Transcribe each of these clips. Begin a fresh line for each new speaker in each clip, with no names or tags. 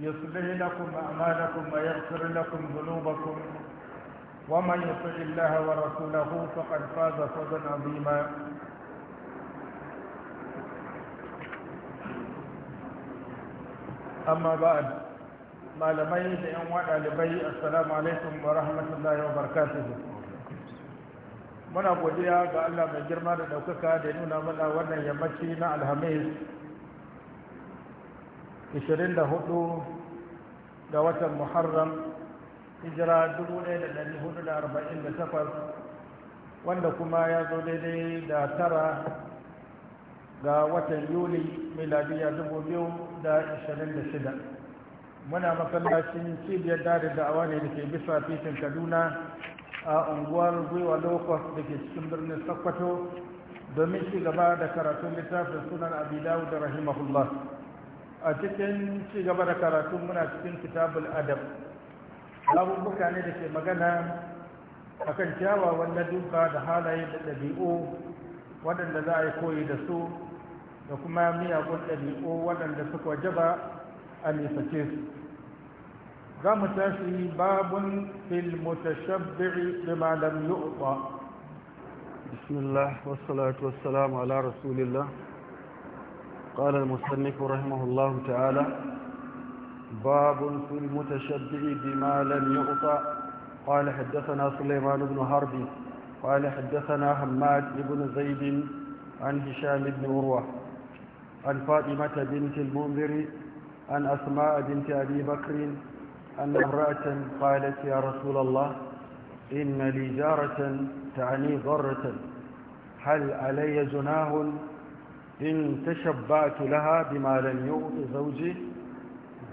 يصلح لكم أعمالكم ويغفر لكم ذنوبكم ومن يطع الله ورسوله فقد فاز فوزا عظيما أما بعد ما لمي إن وعد لبي السلام عليكم ورحمة الله وبركاته muna godiya ga Allah mai girma da ɗaukaka da nuna mana wannan yammaci na alhamis 24 ga watan muharram hijira 1448 wanda kuma ya zo daidai da tara ga watan yuli miladiya 2026 muna masallacin cibiyar dare da awa ne da ke bisa fitin kaduna a unguwar gwiwa lokos da ke cikin birnin sokoto domin ci gaba da karatun littafin sunan abidawu da rahimahullah a cikin ci gaba da karatu muna cikin kitabul adab abubuwa ne da ke magana a akan kyawawan duka da halaye da ɗabi'u waɗanda za a yi koyi da su da kuma miyagun ɗabi'u waɗanda suka wajaba a nisace su za mu tashi
babun fil mutashabbi'i bima malam yu'ta bismillah wasu salamu ala rasulillah قال المصنف رحمه الله تعالى باب في المتشبع بما لم يعطى قال حدثنا سليمان بن حرب قال حدثنا حماد بن زيد عن هشام بن عروة عن فاطمة بنت المنذر عن أسماء بنت أبي بكر أن امرأة قالت يا رسول الله إن لي جارة تعني ضرة هل علي جناه إن تشبعت لها بما لم يعط زوجي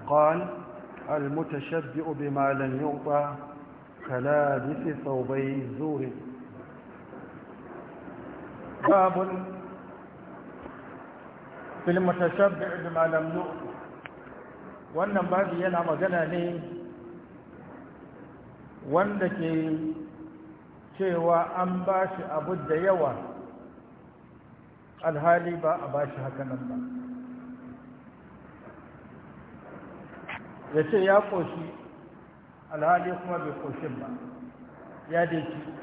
قال المتشبع بما لم يغطى كلابس ثوبي الزور باب في المتشبع
بما لم يعط وأن babi ينعم magana ne wanda ke cewa an ba alhali ba a bashi haka nan ba ya ce ya koshi alhali kuma bai ƙoshin ba ya daiki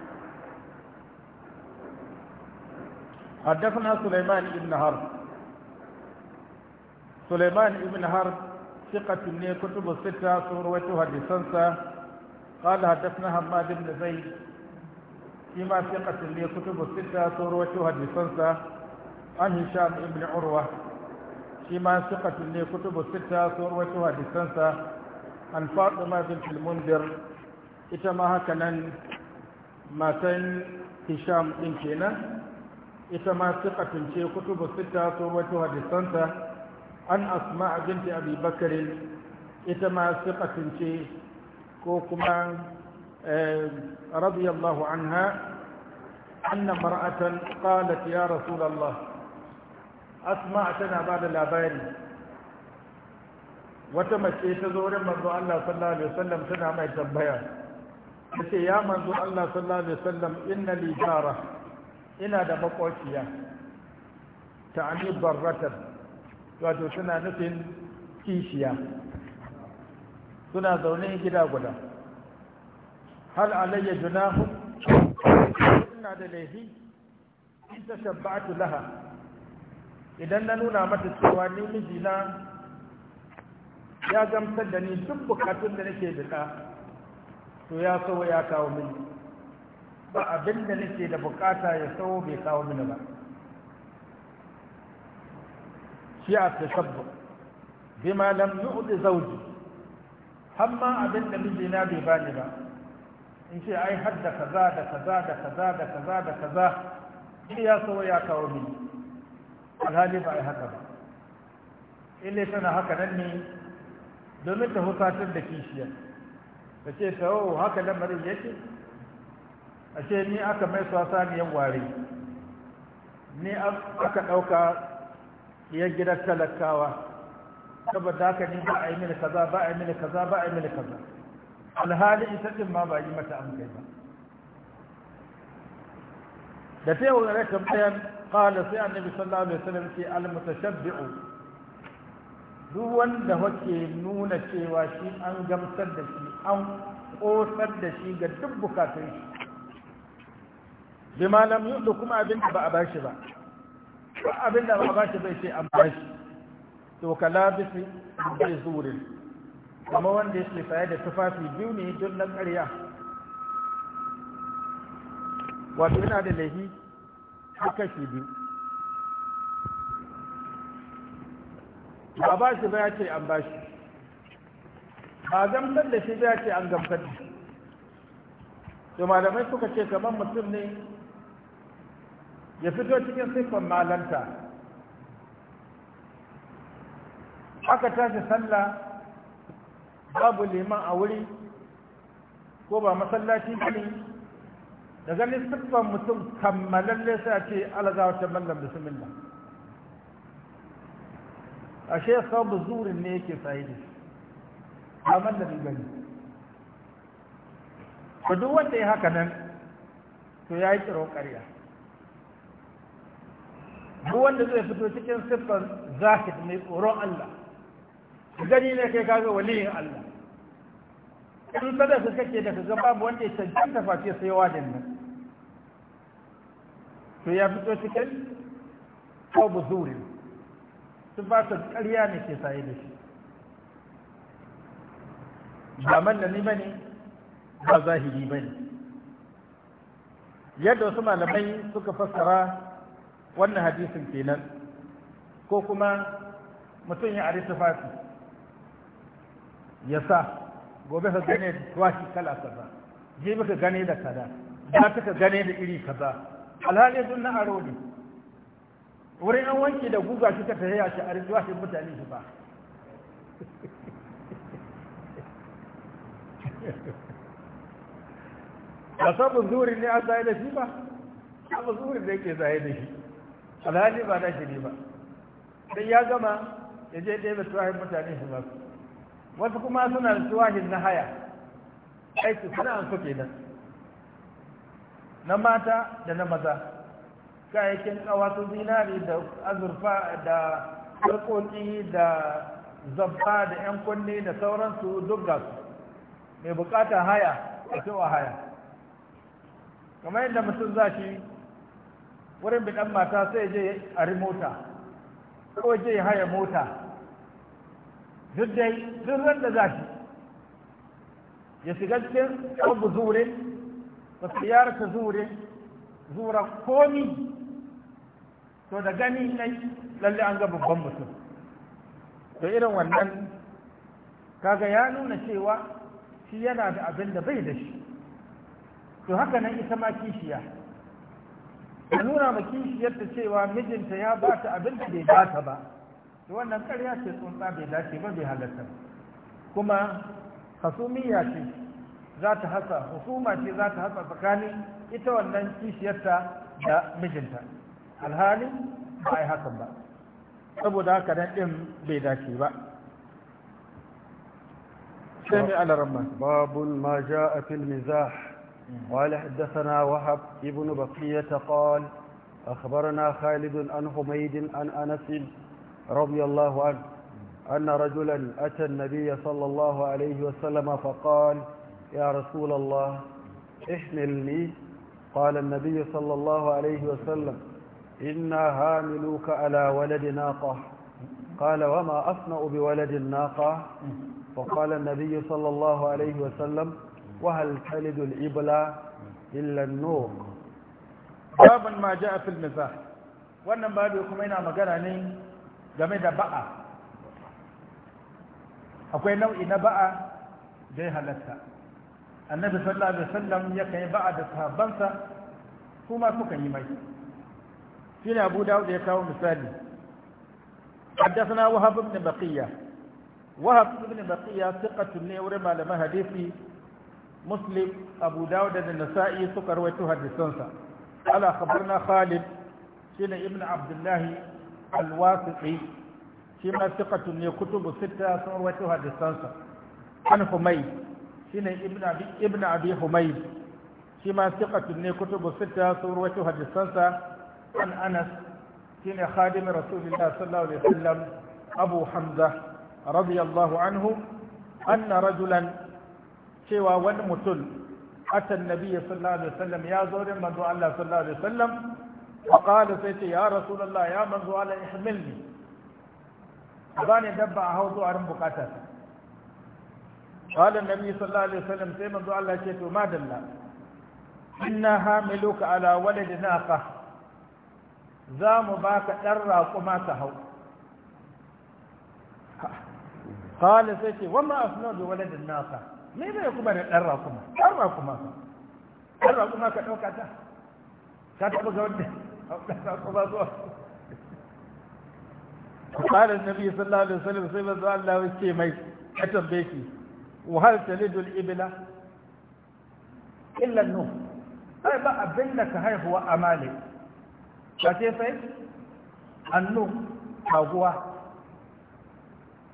حدثنا سليمان بن حرب سليمان بن حرب ثقة من كتب الستة سوروته حديثنسا قال حدثنا حماد بن زيد فيما ثقة من كتب الستة سوروته حديثنسا عن هشام بن عروة فيما ثقة لي كتب الستة ثروتها دسنسة عن فاطمة بنت المنذر إتما هكذا ما تن هشام بن كينا إتما ثقة كتب الستة ثروتها دسنسة عن أسماء بنت أبي بكر إتما ثقة كوكما آه، رضي الله عنها أن امرأة قالت يا رسول الله asma tana ba da labari wata mace ta zo wurin manzo Allah sallallahu alaihi wasallam tana mai tambaya kace ya manzo Allah sallallahu alaihi wasallam inna li jara ina da makociya ta'ani barratan wato tana nufin kishiya suna zaune gida guda hal alayya junahu ina da laifi in tashabba'tu laha idan na nuna mata cewa ni mijina ya gamsar da ni duk bukatun da nake bika to ya sau ya kawo mini ba abin da nake da bukata ya sau bai kawo mini ba shi a bi ma lam yu'ti zawji hamma abin da mijina bai bani ba in ce ai hadda kaza da kaza da kaza da kaza da kaza ya sau ya kawo mini alhali ba a haka ba ile tana haka nan ne domin ta hukatar da kishiya ta ce ta yau oh, haka lamarin yake a ce ni aka mai sasa ne yan ware ni aka ɗauka yan gidan talakawa saboda haka ni ba a yi mini kaza ba a yi mini kaza ba a yi mini kaza alhali ita ɗin ma ba yi mata amfani ba da fiye wani rashin qala sai annabi sallallahu alaihi wasallam ce al mutashabbi'u duk wanda wake nuna cewa shi an gamsar da shi an kosar da shi ga duk bukatun shi bima lam yu'du kuma abin da ba a bashi ba ba abin da ba a bashi bai ce an bashi to kala bisi bi zurin kuma wanda yake saye da tufafi biyu ne don na ƙarya wato yana da lahi har kashi biyu ba ba shi ba ya ce an ba
shi
ba gamsar da shi ba ya ce an gamsar da shi to malamai suka ce kamar mutum ne ya fito cikin siffar malanta aka tashi sallah babu liman a wuri ko ba masallaci ne da ganin siffan mutum ne sai a ce alagawa ta mallam bismillah ashe sabu zurin ne yake sayi da shi ba gani ku duk wanda ya haka nan to ya yi kiro ƙarya duk wanda zai fito cikin siffan zahid mai tsoron Allah gani ne kai kaga waliyin Allah in su kake da ka babu wanda ya cancanta face sai wajen nan to ya fito cikin kawo buzuri su ba su ƙarya ne ke saye da shi ba mallami ba ne ba zahiri ba ne yadda wasu malamai suka fassara wannan hadisin kenan ko kuma mutum ya ari tufafi ya sa gobe ka gane da tuwashi kala kaza je ka gane da kaza za ka gane da iri kaza halali sun na aro ne wurin an wanke da guga shi ta tafiya shi a rizuwa shi mutane shi ba ba sabon zuri ne an zai da shi ba sabon zuri da yake zai da shi alhali ba na shi ne ba sai ya gama ya je ɗaya da tuwahin mutane shi ba wasu kuma suna da tuwahin na haya aiki suna an suke nan na mata da na maza kayayyakin kawasu zinari da azurfa da sarƙoƙi da zabba da 'yan kunne da sauransu duk ga su mai bukatar haya a cewa haya kamar yadda mutum za shi wurin bidan mata sai je a mota ko je haya mota duk dai duk da za shi ya shiga cikin abu zurin Wasu yara ta zure zura komi to da gani na lalle an ga babban mutum to irin wannan kaga ya nuna cewa shi yana da abin da bai da shi to haka nan ita ma kishiya ta nuna ma kishiyarta cewa mijinta ya ba ta abin da bai ba ta ba to wannan ƙarya ce tsuntsa bai dace ba bai halatta kuma hasumiyya ce za ta hasa ce za ta hasa tsakanin ita wannan kishiyarta da mijinta alhali ba a yi hakan ba saboda haka nan ɗin
bai dace ba sai mai alaramma babun ma ja a filmin za قال حدثنا وهب ابن بقية قال أخبرنا خالد عن حميد عن أنس رضي الله عنه أن رجلا أتى النبي صلى الله عليه وسلم فقال يا رسول الله احمل لي قال النبي صلى الله عليه وسلم إنا هاملوك على ولد ناقة قال وما أصنع بولد الناقة فقال النبي صلى الله عليه وسلم وهل تلد الإبلة إلا النوق باب
ما جاء في المزاح وانما babu kuma yana جميدة بقى أقول نوعي نبقى جيها لسا annabi sallallahu alaihi wasallam ya kai ba'da sahabbansa kuma suka yi mai sina abu dawud ya kawo misali haddathana wahab ibn baqiya wahab ibn baqiya thiqatu ne wurin malama hadisi muslim abu dawud da nasa'i suka rawaito hadisansa ala khabarna khalid sina ibn Abdullahi al-wasiqi shi ma thiqatu ne kutubu sita sun rawaito hadisansa an fumai shine ibn abi ibn abi humayd shi ma thiqatun ne kutubu sita sun rawaito hadisansa an anas shine khadim rasulullah sallallahu alaihi wasallam abu hamza radiyallahu anhu anna rajulan cewa wani mutum ata annabi sallallahu alaihi wasallam ya zo da manzo Allah sallallahu alaihi wasallam فقال سيتي يا رسول الله يا من زوال احملني bani dabba a hau zuwa bukata qala annabi sallallahu alaihi wasallam sai manzo Allah ya ce to madalla inna hamiluka ala waladi naqa za mu baka dan raƙuma ka hau qala sai ce wa ma asna da waladin naqa me ne kuma da dan raƙuma dan raƙuma dan raƙuma ka dauka ta ka taba ga wanda dan raƙuma zuwa قال النبي صلى الله عليه وسلم سيما الله وسيمي أتم بيكي وهل تلد الإبلة إلا النوم هاي ba abin da ka haihuwa amale ka ce sai annu taguwa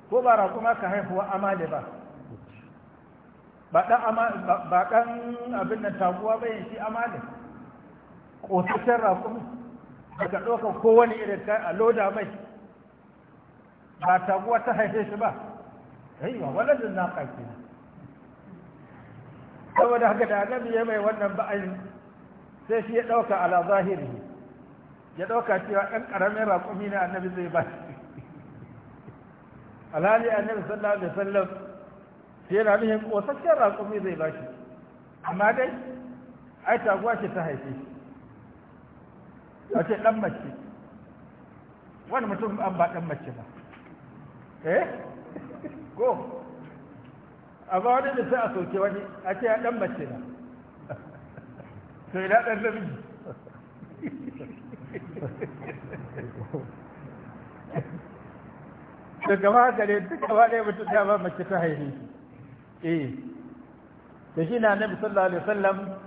ko ba ra kuma ka haihuwa amale ba ba ɗan abin da taguwa bayan shi amale ƙotaccen raƙumi daga ɗaukar kowane irin kai a loda mai ba taguwa ta haife shi ba yayi ba waladin na ƙarfi saboda haka da annabi ya mai wannan ba'ayin sai shi ya ɗauka ala zahiri ya ɗauka cewa ɗan ƙaramin raƙumi na annabi zai ba shi alhali annabi sallallahu alaihi wasallam sai yana nufin ƙosasshen raƙumi zai ba shi amma dai ai taguwa shi ta haife shi ta ce ɗan mace wani mutum an ba ɗan mace ba eh go amma wani da sai a soke wani a ce ya ɗan mace na to ina ɗan namiji da gaba haka ne duk gaba ɗaya mutum ya ba mace ta haihu eh da shi na nabi sallallahu alaihi wasallam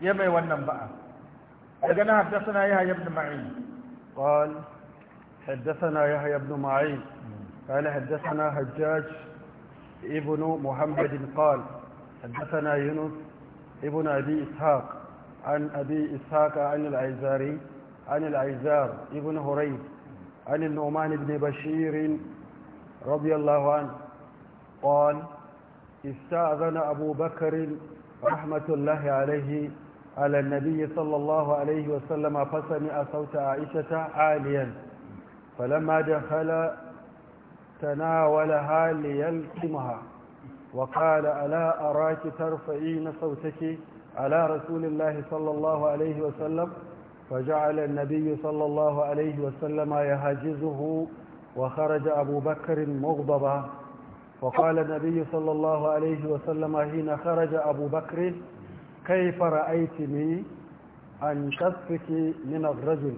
ya mai wannan ba'a daga na haddasa
yahya ibn ma'in قال حدثنا يحيى بن معين قال حدثنا حجاج ابن محمد قال حدثنا يونس ابن أبي إسحاق عن أبي إسحاق عن العيزاري عن العيزار ابن هريب عن النعمان بن بشير رضي الله عنه قال استأذن أبو بكر رحمة الله عليه على النبي صلى الله عليه وسلم فسمع صوت عائشة عاليا فلما دخل تناولها ليلكمها وقال ألا أراك ترفعين صوتك على رسول الله صلى الله عليه وسلم فجعل النبي صلى الله عليه وسلم يهاجزه وخرج أبو بكر مغضبا وقال النبي صلى الله عليه وسلم حين خرج أبو بكر كيف رأيتني أن تصفك من الرجل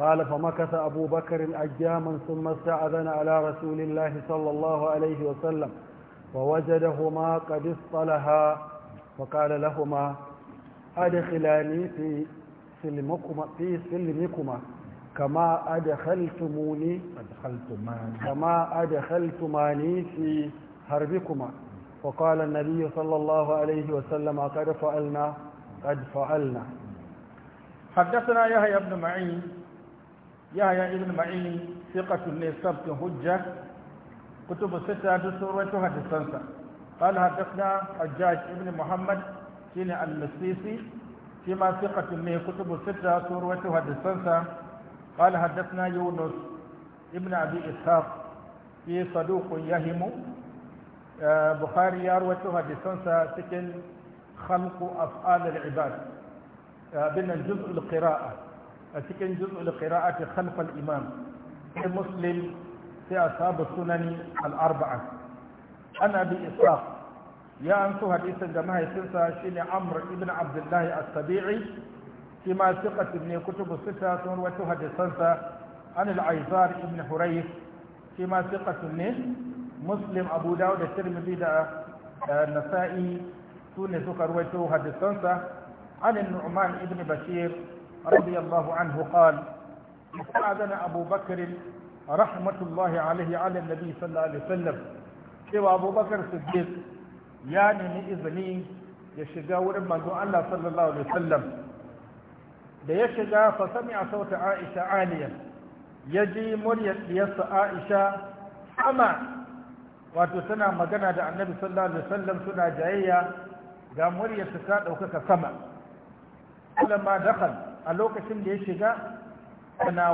قال فمكث أبو بكر أياما ثم استأذن على رسول الله صلى الله عليه وسلم ووجدهما قد اصطلها فقال لهما أدخلاني في سلمكما في سلمكما كما أدخلتموني أدخلتماني كما أدخلتماني في حربكما فقال النبي صلى الله عليه وسلم قد فعلنا قد فعلنا حدثنا يحيى بن معين يا يا ابن thiqatun ثقة من سبت kutubu
كتب ستة sun rawaito hadisansa قال حدثنا حجاج ابن محمد شين المسيسي فيما ثقة من كتب الستة سورة حدثنا قال حدثنا يونس ابن أبي إسحاق في صدوق يهم بخاري يروي حديثا سكن خلق أفعال العباد بين الجزء القراءة a cikin juz'ul qira'ati khalf al-imam sai muslim sai ashabu sunani al-arba'a an abi ishaq ya an hadisin da mahaifinsa shine amr ibn abdullah as-sabi'i shi ma thiqat ibn kutub sita sun rawaito hadisansa an al-aizar ibn hurayth shi ma thiqat ne muslim abu dawud da tirmidhi da nasa'i su ne suka rawaito hadisansa an an-nu'man ibn bashir رضي الله عنه قال أعذن أبو بكر رحمة الله عليه على النبي صلى الله عليه وسلم سوى أبو بكر صديق يعني من إذني يشجع جو الله صلى الله عليه وسلم ليشجع فسمع صوت عائشة عاليا يجي مريت يس عائشة أما وتسنى مجنة عن النبي صلى الله عليه وسلم سنى جاية قام مريت سكات أو سما لما دخل a lokacin da ya shiga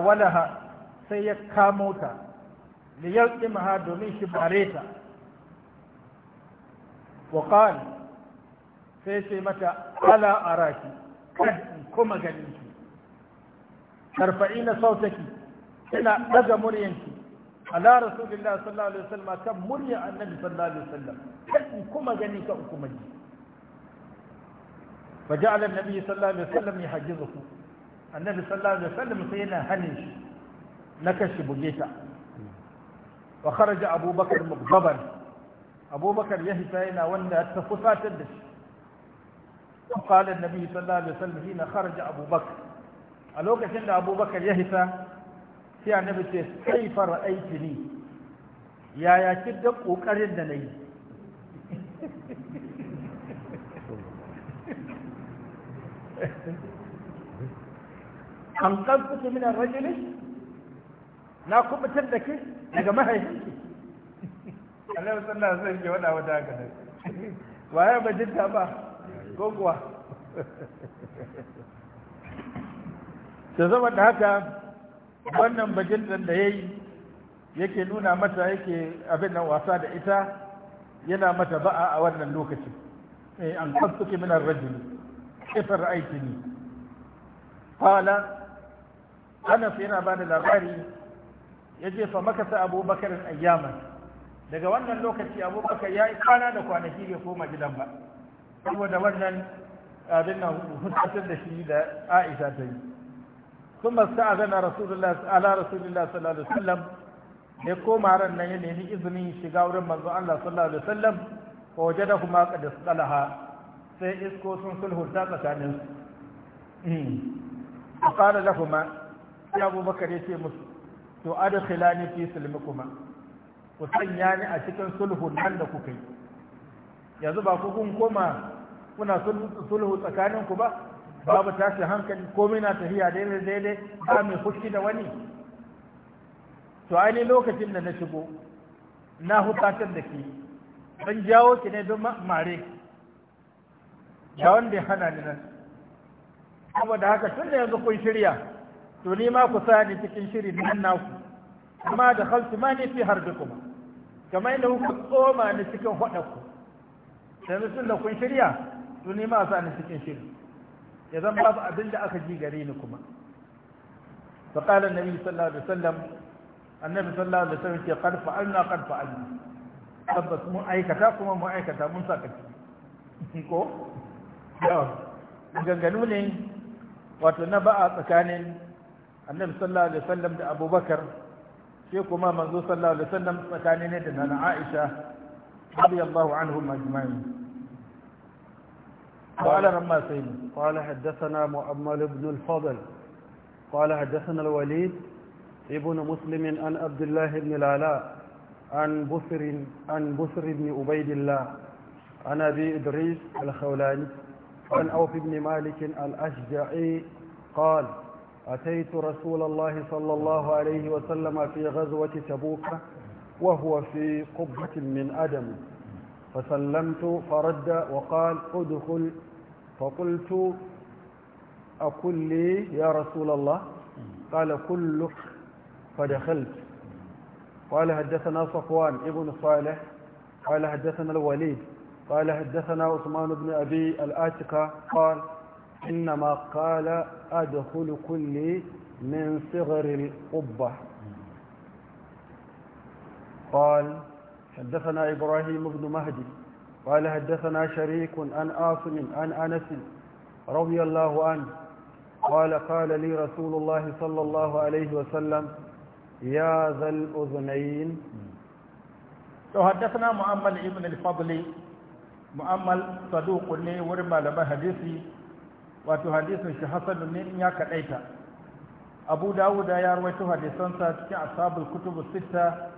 walaha sai ya kamo ta da maha domin shi bare ta wa qala sai mata ala araki kan kuma ganin ki na sautaki kina daga muryanki ala rasulillah sallallahu alaihi wasallam kan murya annabi sallallahu alaihi wasallam kan kuma gani ka kuma ji فجعل النبي صلى الله عليه وسلم يحجزه النبي صلى الله عليه وسلم سينا هنش نكش بجيتا وخرج أبو بكر مغضبا أبو بكر يهتين وأن التفصات الدش وقال النبي صلى الله عليه وسلم حين خرج أبو بكر الوقت أن أبو بكر يهتا في النبي كيف رأيتني يا يا كدك وكرن لي an kankuta min rajuli na kubutar da ke daga mahaifinki Allah sallallahu alaihi wasallam ya wada wada ga nan waye bajinta ba gogwa kuwa da zama da haka wannan bajintan da yayi yake nuna mata yake abin nan wasa da ita yana mata ba'a a wannan lokaci eh an kan min ar-rajuli kifar aiki ne fala anas yana ba da labari ya jefa makasa abubakar ayyaman daga wannan lokaci abubakar ya yi kana da kwanaki bai koma gidan ba saboda wannan abin nan hutsatar da shi da aisha ta yi kuma sa'azana rasulullah ala rasulullah sallallahu alaihi wasallam koma ran nan ya nemi izinin shiga wurin manzo Allah sallallahu da kuma fa wajadahuma qad salaha sai isko sun sulhunta tsakaninsu hmm. a ƙara kuma ya baka ne ce musu to adkhila khilani fi kuma. ku sanya ni a cikin sulhun nan da kuka yi yanzu ba ku kun koma kuna sulhu tsakanin ku ba babu tashi hankali komai na tafiya daidai daidai ba mai kushi da wani to ai lokacin da na shigo na hutatar da ke ban jawo ki ne don mare da wanda ya hana ni nan saboda haka tun da yanzu kun shirya to ni ma ku sani cikin shiri nan naku amma da khaltu ma ni fi kuma kamar yadda kuka tsoma ni cikin ku yanzu tun da kun shirya to ni ma sa ni cikin shiri ya zan babu abin da aka ji gare ni kuma fa qala annabi sallallahu alaihi wasallam annabi sallallahu alaihi wasallam ce qad fa'alna qad alna tabbas mu aikata kuma mu aikata mun saka ko maganganu ne wato na ba a tsakanin annabi sallallahu alaihi wasallam da abubakar sai kuma manzo sallallahu alaihi wasallam tsakanin ne da nana aisha radiyallahu anhu ajma'in قال
لما سيدنا قال حدثنا مؤمل بن الفضل قال حدثنا الوليد ابن مسلم عن عبد الله بن العلاء عن بصر عن بصر بن عبيد الله عن ابي ادريس الخولاني عن أوف بن مالك الأشجعي قال أتيت رسول الله صلى الله عليه وسلم في غزوة تبوك وهو في قبة من أدم فسلمت فرد وقال ادخل فقلت أقول لي يا رسول الله قال كلك فدخلت قال حدثنا صفوان ابن صالح قال حدثنا الوليد قال حدثنا عثمان بن أبي الآتكة قال إنما قال أدخل كلي من صغر القبة قال حدثنا إبراهيم بن مهدي قال حدثنا شريك عن آصم عن أنس رضي الله عنه قال قال لي رسول الله صلى الله عليه وسلم يا ذا الأذنين حدثنا محمد بن الفضل mu'ammal saduqun
ne wurin malaman hadisi wato hadisin shi hasanun ne in ya kadaita abu dawuda ya rawaito hadisansa cikin ashabul kutubu sita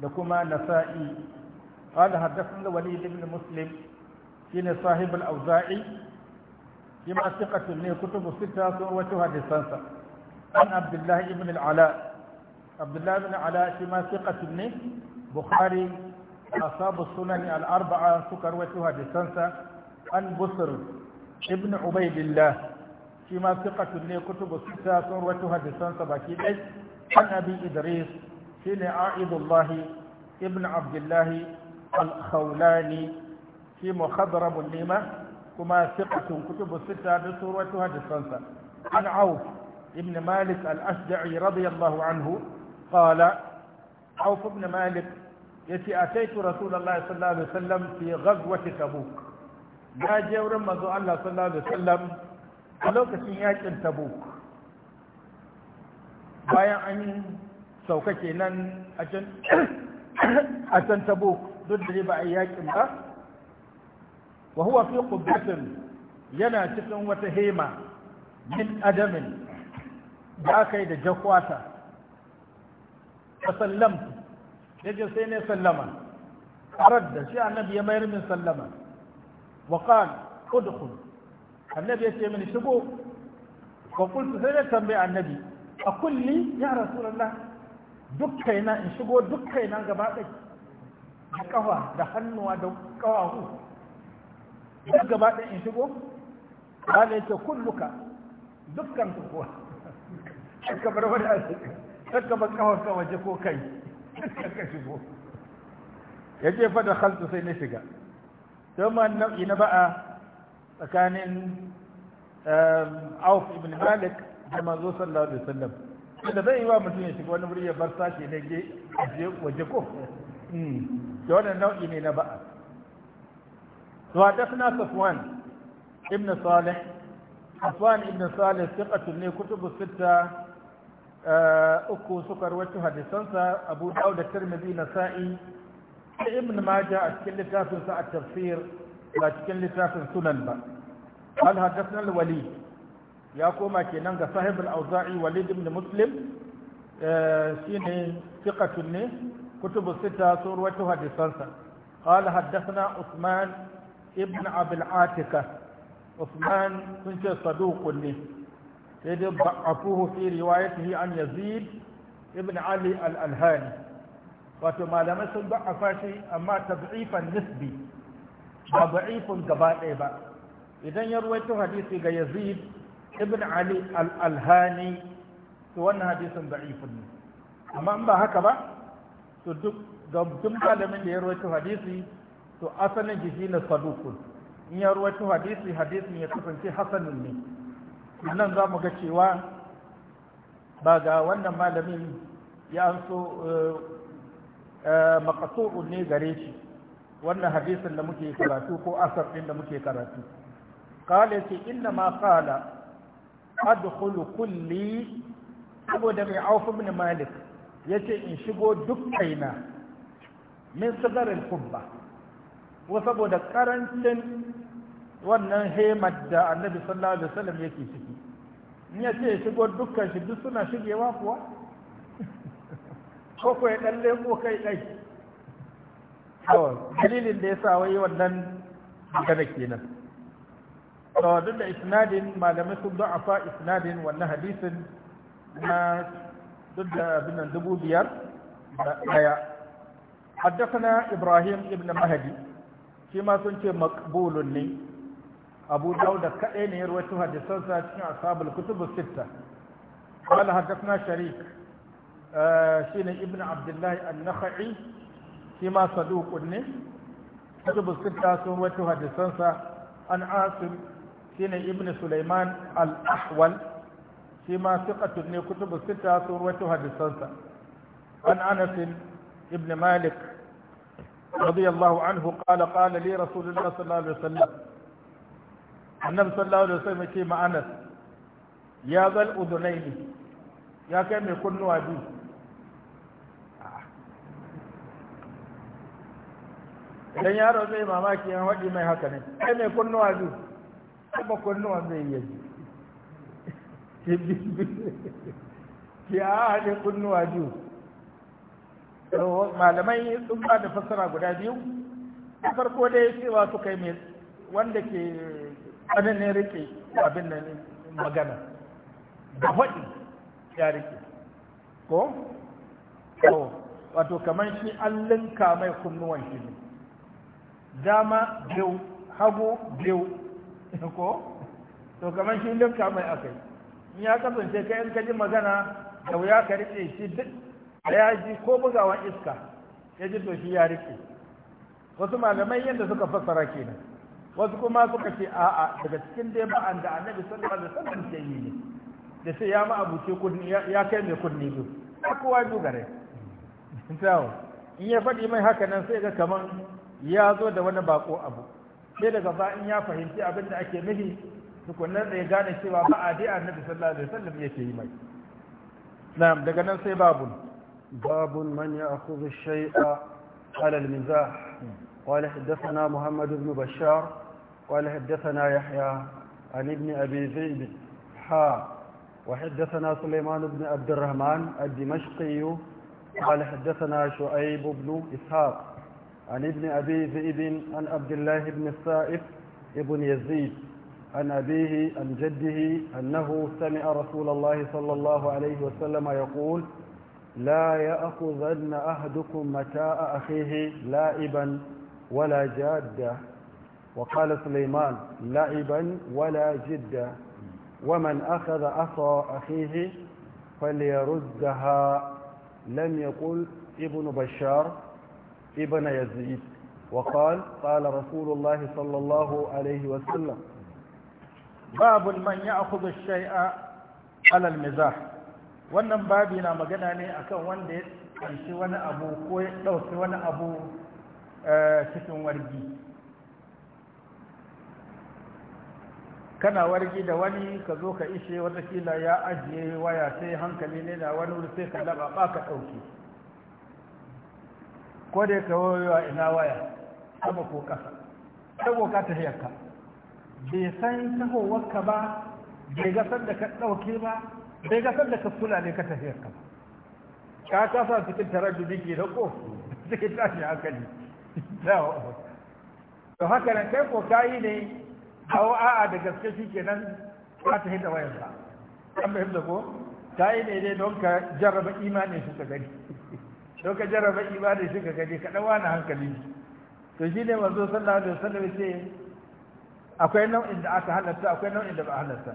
da kuma nasa'i qala haddathana walid ibn muslim shine sahibul auza'i shi ma thiqatun ne kutubu sita sun rawaito hadisansa an abdullahi ibn al-ala abdullahi ibn al-ala shi ma thiqatun ne bukhari أصاب السنن الأربعة سكر جسنسة عن بصر ابن عبيد الله فيما ثقة لي كتب الستة سكر وتهدسنسا بكيد عن أبي إدريس في عائد الله ابن عبد الله الخولاني في مخضرم النيمة كما ثقة كتب الستة بصر جسنسة عن عوف ابن مالك الأشجعي رضي الله عنه قال عوف بن مالك yace ataitu rasulullahi sallallahu alaihi wasallam fi ghazwati tabuk ya je wurin manzo Allah sallallahu alaihi wasallam a lokacin yakin tabuk bayan an sauka kenan a can a can tabuk duk da ba a yakin ba wa huwa fi qubbatin yana cikin wata hema min adamin da aka yi da jakwata fa sallamtu yace sai ne sallama radda shi annabi ya mayar min sallama wa qal udkhul annabi ya ce mini shigo ko qultu sai ne tambaye annabi a kulli ya rasulullah dukkaina in shigo dukkaina gaba dai da kafa da hannuwa da kawahu duk gaba dai in shigo kana ce kulluka dukkan kuwa kakka bar wani a cikin kakka bar kawar waje ko kai ya ce fa da khaltu sai na shiga to ma nau'i na ba'a tsakanin eh, auf ibn malik da manzo sallallahu alaihi wasallam da bai yi wa mutum ya shiga wani wuri ya bar sashi ne je waje ko hmm. da wani nau'i ne na ba'a to hadathna safwan ibn salih safwan ibn salih thiqatun ne kutubu sittah uku suka rawaito hadisansa abu dawo da tirmidhi Sa'i da ibn maja a cikin littafin sa a tafsir ba cikin littafin sunan ba al hadathna al-wali ya koma kenan ga sahib al-auza'i walid ibn muslim shine thiqatun ne kutubu sita su rawaito hadisansa na Usman ibn ابن عبد Usman sun ce صدوق لي sai dai ba'afuhu fi riwayatihi an yazid ibn ali al-alhani wato malamai sun ba'afa shi amma tad'ifan nisbi ba da'ifun gaba ɗaya ba idan ya ruwaito hadisi ga yazid ibn ali al-alhani to wannan hadisin da'ifun ne amma in ba haka ba to duk ga mutum malamin da ya ruwaito hadisi to asalin jiki na sadukun in ya ruwaito hadisi hadisin ya kasance hasanun ne nan za mu ga cewa ba ga wannan malamin ya an so eh, eh, makasu'un ne gare shi wannan hadisin da muke karatu ko asar ɗin da muke karatu kala ce inna ma kala adkhulu kulli saboda mai auf ibn malik yace in shigo duk kaina min sigarin kubba ko saboda karancin wannan hemar da annabi sallallahu alaihi wasallam yake ciki in ya ce shigo dukkan shi duk suna shigewa kuwa ko ko ya dan lemo kai dai to dalilin da yasa wai wannan magana kenan to duk da isnadin malamai sun da'afa isnadin wannan hadisin na duk da binan dubu biyar da daya حدثنا إبراهيم ابن مهدي فيما سنتي مقبول لي أبو داود كأين يرويتها دسوسة أصحاب الكتب الستة قال حدثنا شريك آه، شين ابن عبد الله النخعي فيما صدوق النه كتب الستة سنوتها دسوسة عن عاصم شين ابن سليمان الأحول فيما ثقة النه كتب الستة سنوتها دسوسة عن أنس ابن مالك رضي الله عنه قال قال لي رسول الله صلى الله عليه وسلم annabi sallallahu alaihi wasallam yake ma'ana ya zal udunaini ya kai mai kunnuwa biyu idan yaro zai mamaki yan waɗi mai haka ne kai mai kunnuwa biyu ba kunnuwa zai yi ki a haɗe kunnuwa biyu malamai sun ba da fassara guda biyu farko dai cewa su kai mai wanda ke abin ne rike abin da magana da faɗi ya rike ko? ko wato kamar shi an linka mai kunnuwan shi ne dama biyu hagu biyu ko? to kamar shi linka mai akai in ya kasance kai in ka ji magana da wuya ka rike shi duk ya ji ko bugawan iska ya ji to shi ya rike wasu malamai yadda suka fassara kenan wasu kuma suka ce a'a daga cikin dai an da annabi sallallahu alaihi wasallam ke yi ne da sai ya ma abuce kunni ya kai mai kunni biyu kowa biyu gare tawo in ya faɗi mai haka nan sai ga kaman ya zo da wani bako abu sai daga ba in ya fahimci abin da ake nufi tukunna da ya gane cewa ba a dai annabi sallallahu alaihi wasallam yake yi mai
na'am daga nan sai babun babun man ya'khudhu shay'a ala al-mizah قال حدثنا محمد بن بشار قال حدثنا يحيى عن ابن أبي ذئب حا وحدثنا سليمان بن عبد الرحمن الدمشقي قال حدثنا شعيب بن إسحاق عن ابن أبي ذئب عن عبد الله بن السائف ابن يزيد عن أبيه عن جده أنه سمع رسول الله صلى الله عليه وسلم يقول لا يأخذن أحدكم متاع أخيه لائبا ولا جادة وقال سليمان لعبا ولا جدا ومن أخذ عصا أخيه فليردها لم يقل ابن بشار ابن يزيد وقال قال رسول الله صلى الله عليه وسلم باب من يأخذ الشيء على المزاح
wannan babi na magana ne akan wanda ya ɗauki wani abu ko ya ɗauki wani abu eh, cikin wargi kana wargi da wani ka zo ka ishe watakila ya ajiye waya sai hankali ne na wani wuri sai ka laba ba ka ɗauki ko dai ka wayewa ina waya sama ko ƙasa ɗago ka ta hiyarka bai san tahowarka ba bai gasar da ka ɗauke ba bai gasar da ka kula ne ka ta hiyarka ka kasa cikin tarajudi ke da ko cikin tashi hankali da haka nan kai ko yi ne hau a'a da gaske shi kenan ka ta hidda wayarsa an bai hidda ko ta yi ne don ka jarraba imanin shi ka gani don ka jarraba imanin shi ka gani ka ɗawa wani hankali to shi ne manzo da alaihi wasallam ce akwai nau'in da aka halatta akwai nau'in da ba halatta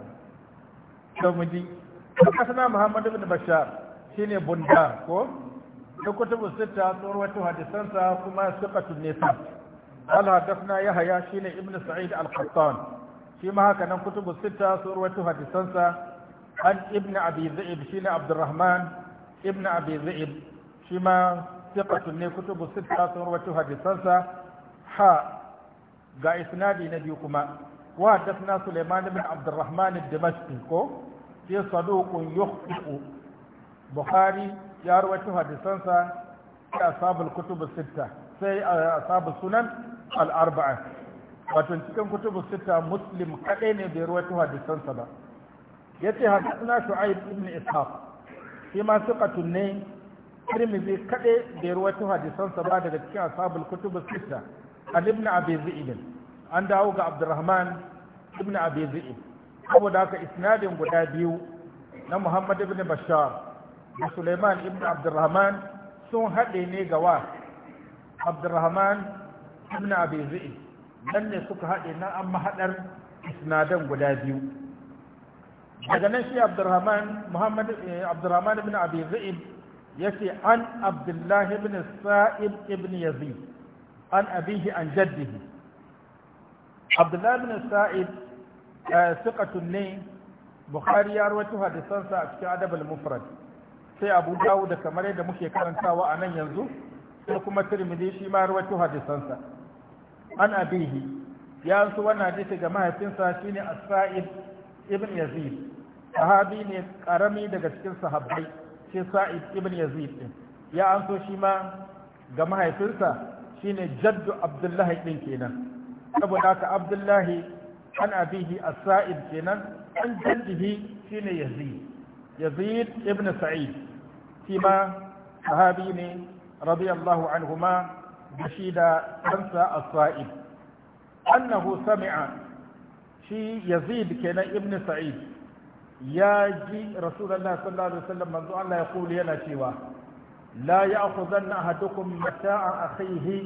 to mu ji kasana muhammad ibn bashar shine bunda ko da kutubu sita tsoron wata hadisansa kuma siqatul nesa قال حدثنا يحيى شين ابن سعيد القطان فيما هكذا كتب الستة سورة حديثنسا عن ابن أبي ذئب شين عبد الرحمن ابن أبي ذئب فيما ثقة من كتب الستة سورة حديثنسا حاء قا إسنادي نبيكما وحدثنا سليمان بن عبد الرحمن الدمشقي في صدوق يخطئ بخاري يروي حديثنسا في أصحاب الكتب الستة في أصحاب السنن al'arba'a wato cikin kutubu sita muslim kaɗai ne bai ruwaito hadisansa ba ya ce hadisna shu'aib ibn ishaq shi ma siqatun ne tirmidhi kaɗai bai ruwaito hadisansa ba daga cikin asabul kutubu sita an ibn abi zaid an dawo ga abdurrahman ibn abi zaid saboda haka isnadin guda biyu na muhammad ibn bashar da suleiman ibn abdurrahman sun haɗe ne ga wa abdurrahman ibn abi zu'i nan ne suka haɗe nan an mahaɗar isnadan guda biyu daga nan shi abdurrahman muhammad eh, abdurrahman ibn abi zu'i yace an abdullahi ibn sa'ib ibn yazid an abihi an jaddihi abdullahi ibn sa'ib thiqatun eh, ne bukhari ya rawaito hadisansa a cikin adabul mufrad sai abu dawo da kamar yadda muke karantawa a nan yanzu sai kuma tirmidhi shi ma rawaito hadisansa an abihi ya su wannan hadisi ga mahaifinsa shine as-sa'id ibn yazid sahabi ne karami daga cikin sahabbai shi sa'id ibn yazid din ya an shi ma ga mahaifinsa shine jaddu abdullahi din kenan saboda haka abdullahi an abihi as-sa'id kenan an jaddihi shine yazid yazid ibn sa'id shi ma sahabi ne radiyallahu anhuma da shi da ɗansa as-sa'id annahu sami'a shi yazid kenan ibn sa'id ya ji rasulullah sallallahu alaihi wasallam yana cewa la ya'khudanna ahadukum mata'a akhihi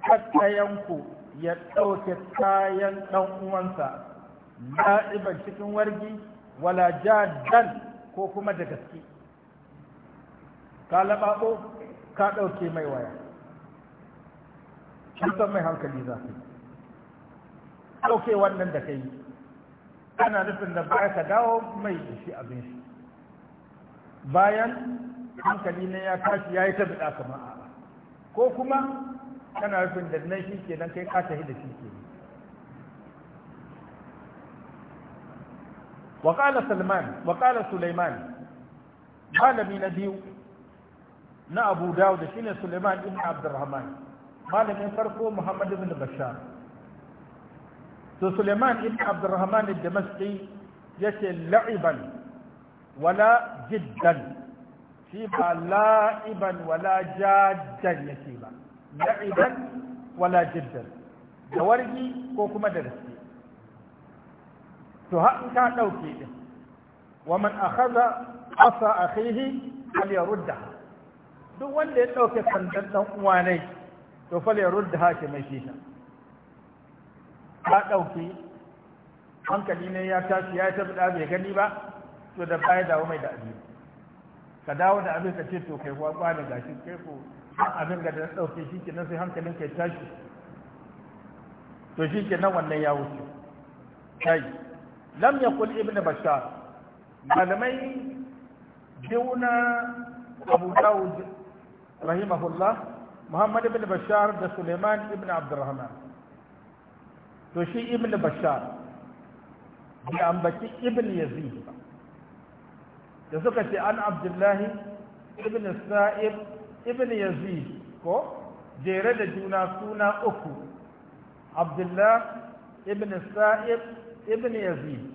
hatta yanku ya ɗauke kayan ɗan uwansa la'iban cikin wargi wala jadan ko kuma da gaske ka laɓaɓo ka ɗauke mai waya san mai hankali za su ɗauke wannan da ka yi ana nufin da baya ka dawo mai da shi abin shi bayan hankali ne ya tashi ya yi ta biɗa kama a ko kuma kana nufin da nan shi ke nan kai ka tafi da shi ke وقال سلمان وقال سليمان malami na biyu na abu dawud shine suleiman ibn abdurrahman malamin farko muhammad ibn bashar to suleiman ibn abdurrahman ad-damaski yace la'iban wala jiddan shi ba la'iban wala jaddan yake ba la'iban wala jiddan da wargi ko kuma da gaske to haɗin ka ɗauke ɗin wa man akhadha asa akhihi fal yaruddaha duk wanda ya ɗauke sandan ɗan uwa ne to fal ya rudda hake mai shita ka ɗauki hankali ne ya tashi ya tafi da bai gani ba to da baya dawo mai da abin ka dawo da abin ka ce to kai kuwa kwanan gashi kai ko abin ga da ɗauke shi kenan sai hankalin kai tashi to shi nan wannan ya wuce kai lam yaqul ibn bashar malamai biyu na abu dawud rahimahullah muhammad ibn bashar da suleiman ibn abdurrahman to shi ibn bashar bai ambaci ibn yazid ba da suka ce an abdullahi ibn sa'ib ibn yazid ko jere da juna suna uku abdullah ibn sa'ib ibn yazid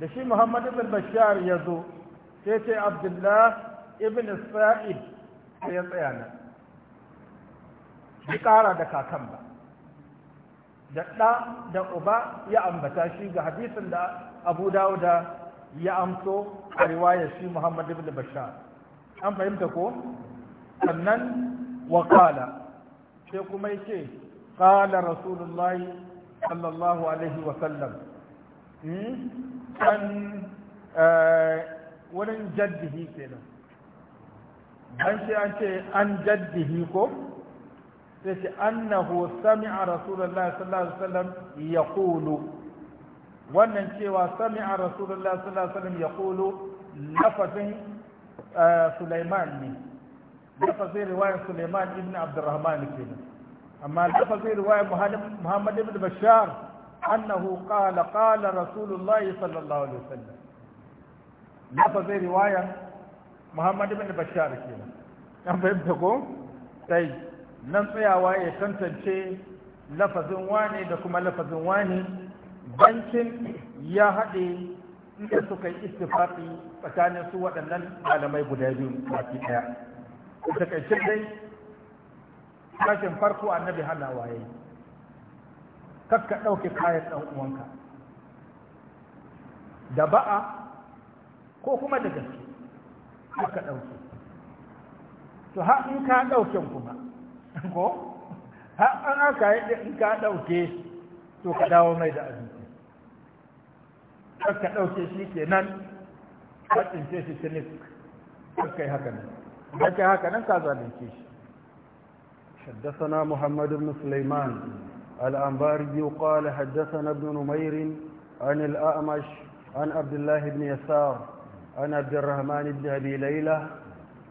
da shi muhammad ibn bashar ya zo sai ce abdullah ibn sa'ib sai ya tsaya nan bai ƙara da kakan ba da ɗa da uba ya ambata shi ga hadisin da abu dawuda ya amso a riwayar shi muhammad ibn bashar an fahimta ko sannan wa kala sai kuma yace kala rasulullahi sallallahu alaihi wa sallam kan hmm, eh, wurin jaddihi kenan an ce an ce an jaddihi ko sai ce annahu sami'a rasulullahi sallallahu alaihi wasallam yaqulu wannan cewa sami'a rasulullahi sallallahu alaihi wasallam yaqulu lafazin Sulaiman ne lafazin riwayar Sulaiman ibn Abdurrahman kenan amma lafazin riwayar Muhammad ibn Bashar أنه قال قال رسول الله صلى الله عليه وسلم لفظ رواية محمد بن بشار كده نعم فهمتكم طيب nan tsayawa ya tantance lafazin wane da kuma lafazin wane bancin ya haɗe inda suka yi istifafi tsakanin su waɗannan malamai guda biyu baki ɗaya takaicin dai kashin farko annabi hana waye kakka ɗauke kayan ɗan uwanka da ba'a ko kuma da gaske kakka ɗauke to haɗin in ka ɗauken kuma ko ha an aka yi in ka dauke to ka dawo mai da azumi ka dauke shi kenan ka tsince shi tinis
kar ka yi haka nan kar ka haka nan ka zalunce shi حدثنا محمد بن سليمان الأنباري قال حدثنا ابن نمير عن الأأمش عن عبد الله بن يسار عن عبد الرحمن بن أبي ليلى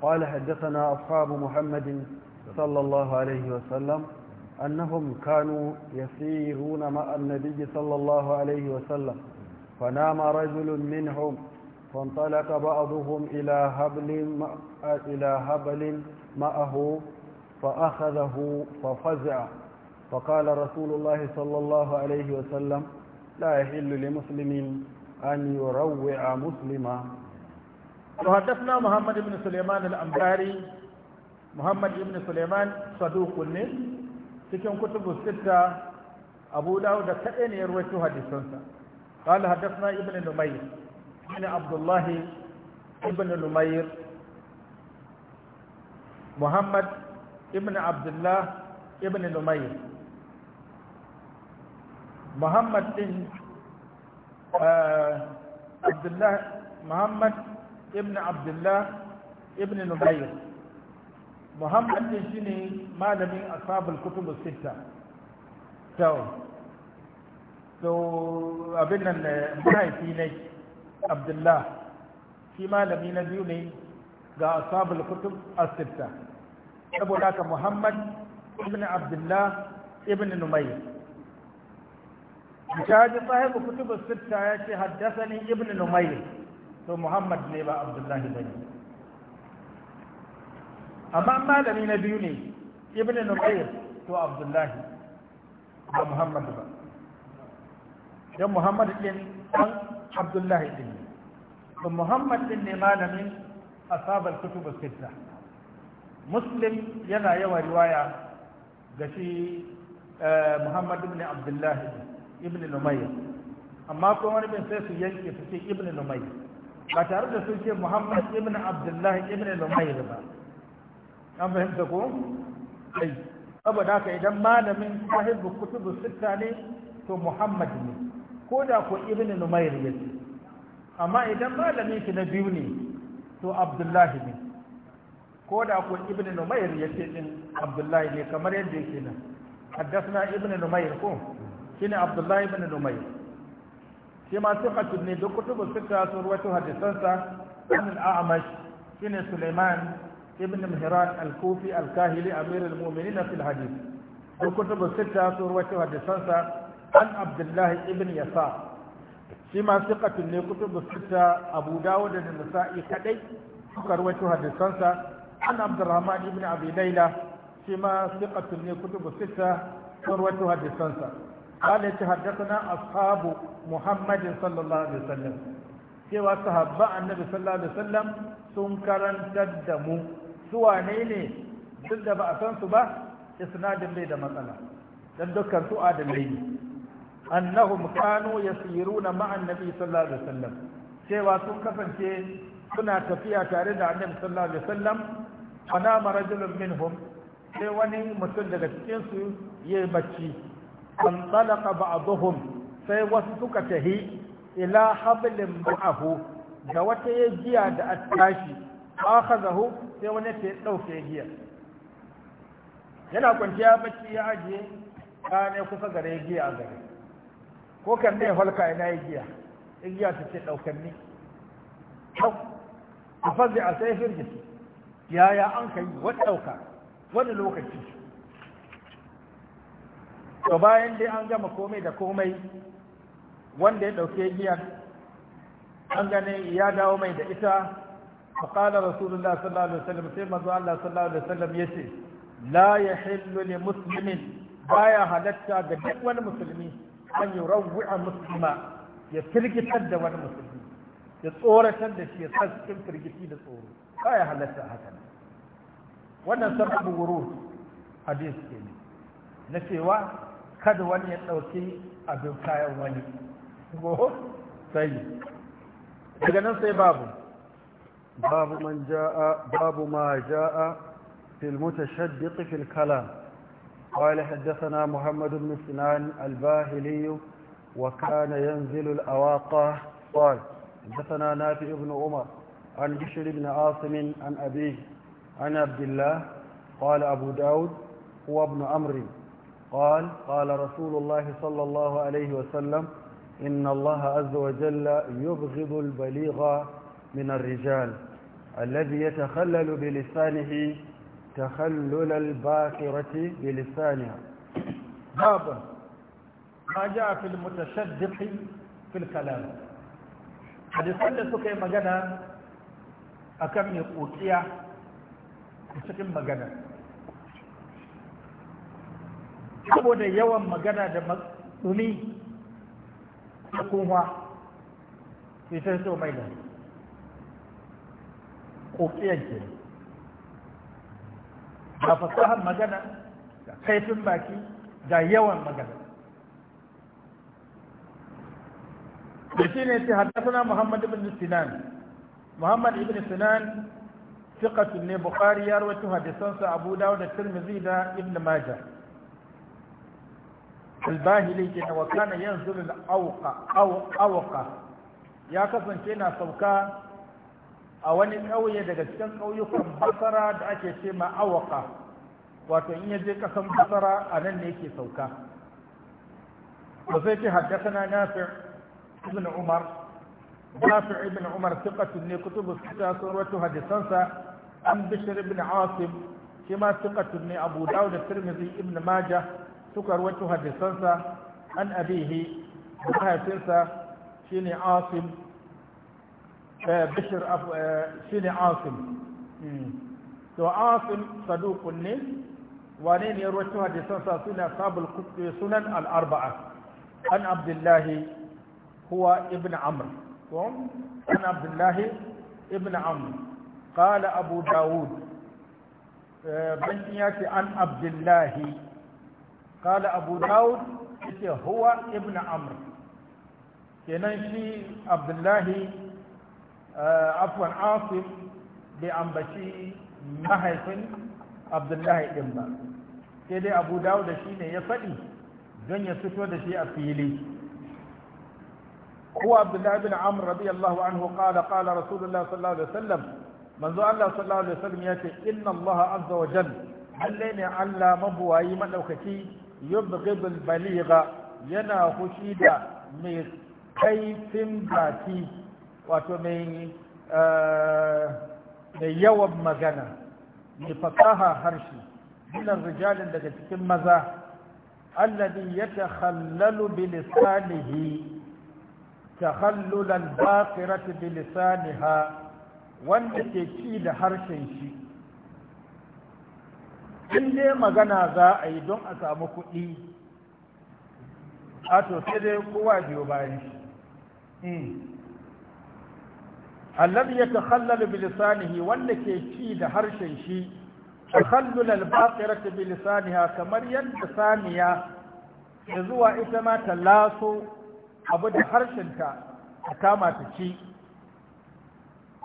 قال حدثنا أصحاب محمد صلى الله عليه وسلم أنهم كانوا يسيرون مع النبي صلى الله عليه وسلم فنام رجل منهم فانطلق بعضهم إلى هبل إلى هبل معه فأخذه ففزع فقال رسول الله صلى الله عليه وسلم لا يحل لمسلم أن يروع مسلما
وحدثنا محمد بن سليمان الأنباري محمد بن سليمان صدوق النيل تكون كتب الستة أبو داود كأن يرويتها دي سنسة قال هدفنا ابن نمير ابن عبد الله ابن نمير محمد ابن عبد الله ابن نمير محمد بن عبد الله محمد ابن عبد الله ابن نمير muhammad shi ne malamin ashabul kutub sita to to abin nan eh, mahaifi ne abdullah shi malami na biyu ne ga ashabul kutub sita saboda haka muhammad ibn abdullah ibn numayr misali sahibu kutub sita ya ce haddasa ni ibn numayr to muhammad ne ba abdullahi bane amma malami na biyu ne ibn numayr to abdullahi ba Muhammadu ba don Muhammadu din dan abdullahi din to Muhammadu din ne malamin ashab al-kutub as-sittah muslim yana yawa riwaya ga shi eh, Muhammadu ibn abdullahi ibn numayr amma kuma wani bin sai su yanke su ce ibn numayr ba tare da sun ce Muhammadu ibn abdullahi ibn numayr ba an fahimta ko ai saboda haka idan malamin sahibu kutubu sitta ne to muhammad ne ko da ko ibn numair yake amma idan malamin shi na biyu ne to abdullahi ne ko da ko ibn numair yake din abdullahi ne kamar yadda yake nan haddathna ibn numair ko shine abdullahi ibn numair shi ma siqatu ne da kutubu sitta sun ruwaito hadisansa an al-a'mash shine sulaiman ibn mihran al-kufi al-kahili amir al-mu'minin fi al-hadith al sita su rawaito Hadisansa an abdullah ibn yasa shi ma thiqatun ne kutub sita abu dawud da nasa'i kadai suka rawaito hadisan sa an abdurrahman ibn abi layla shi ma thiqatun ne kutub sita sun rawaito hadisan sa قال حدثنا أصحاب محمد صلى الله عليه وسلم cewa sahabba annabi sallallahu alaihi wasallam sun karantar da su wane ne duk da ba a san su ba isnadin bai da matsala dan dukkan su adalai ne annahum kanu yasiruna ma'an nabi sallallahu alaihi wasallam cewa sun kasance suna tafiya tare da annabi sallallahu alaihi wasallam anama rajulun minhum sai wani mutum daga cikin su yayi bacci an talaqa ba'dhum sai wasu suka tahi ila hablin ma'ahu da wata yajiya da attashi akhadahu sai wani ya ɗauke giya. yana kwanciya bacci ya ajiye ɗane kusa gare giya gare ko kan ne halka ina yi giya igiya ta ce ɗaukan ni. kyau a fazi a sai firgis yaya an ka wani ɗauka wani lokaci to bayan dai an gama komai da komai wanda ya ɗauke giyan an gane ya dawo mai da ita فقال رسول الله صلى الله عليه وسلم سيما الله صلى الله عليه وسلم يسي لا يحل لمسلم بايا هلتا قدك والمسلمين أن يروع مسلما يترك تد والمسلمين يتصور تد شيء يتحسكم تركتي لتصور بايا هلتا هكذا وانا sababu wuru حديث كيني ne na cewa kada wani ya ɗauki abin kayan wani
sai daga nan sai babu باب من جاء باب ما جاء في المتشدق في الكلام قال حدثنا محمد بن سنان الباهلي وكان ينزل الأواقع قال حدثنا نافع بن عمر عن بشر بن عاصم عن أبيه عن عبد الله قال أبو داود هو ابن عمرو قال قال رسول الله صلى الله عليه وسلم إن الله عز وجل يبغض البليغة من الرجال الذي يتخلل بلسانه تخلل الباخرة بلسانها باب ما جاء في المتشدق
في الكلام لك ما جاء أكم يقوطيا كسكي مجانا أبو دي يوم مجانا دمي تقوم في تنسو ميلاني ƙoƙiyar ke ga fasahar magana ga kaifin baki ga yawan magana da shi ne sai haddasa muhammad ibn sinan muhammad ibn sinan fiqatun ne bukari ya rawaito hadisansa abu dawo da tirmizi da ibn majah albahili ke na wakana yanzu da auka ya kasance na sauka a wani ƙauye daga cikin ƙauyukan basara da ake ce ma awaka wato in je kasan basara a nan ne yake sauka to sai ce haddasana nafi' ibn umar nafi' ibn umar thiqatun ne kutubu sita sun rawaito hadisansa an bishr ibn asim shi ma ne abu dawo da tirmizi ibn Maja, suka rawaito hadisansa an abihi mahaifinsa shine asim bishir shi ne asim to asim sadukun ne wane ne ruwacin hadisan sa suna sabul kuɗe sunan al'arba'a an abdullahi huwa ibn amr an abdullahi ibn amr قال ya ce an Abdullahi. عبد Abu Dawud, أبو ce هو Ibn عمرو kenan shi abdullahi afuwan asif bai ambaci mahaifin abdullahi din sai dai abu da shi ne ya faɗi don ya fito da shi a fili kuwa abdullahi bin amur rabi allahu an qala qala rasulullah sallallahu alaihi wasallam manzo allah sallallahu alaihi wasallam ya ce inna allah azza wa ne allah mabuwayi madaukaki yubghidul baliga yana hushi da mai kaifin baki wato eh, mai yawan magana mai fasaha harshe minan rijalin daga cikin maza alladhi yatakhallalu bi lisanihi takhallulan baqirat bi lisaniha wanda ke ci da harshen shi in dai magana za a yi don a samu kuɗi a to sai dai kowa biyo bayan shi hmm. alladhi yatakhallalu bi lisanihi wanda ke ci da harshen shi takhallul al-baqirati bi lisaniha kamar yadda saniya da zuwa ita ma ta laso abu da harshenta ta kama ta ci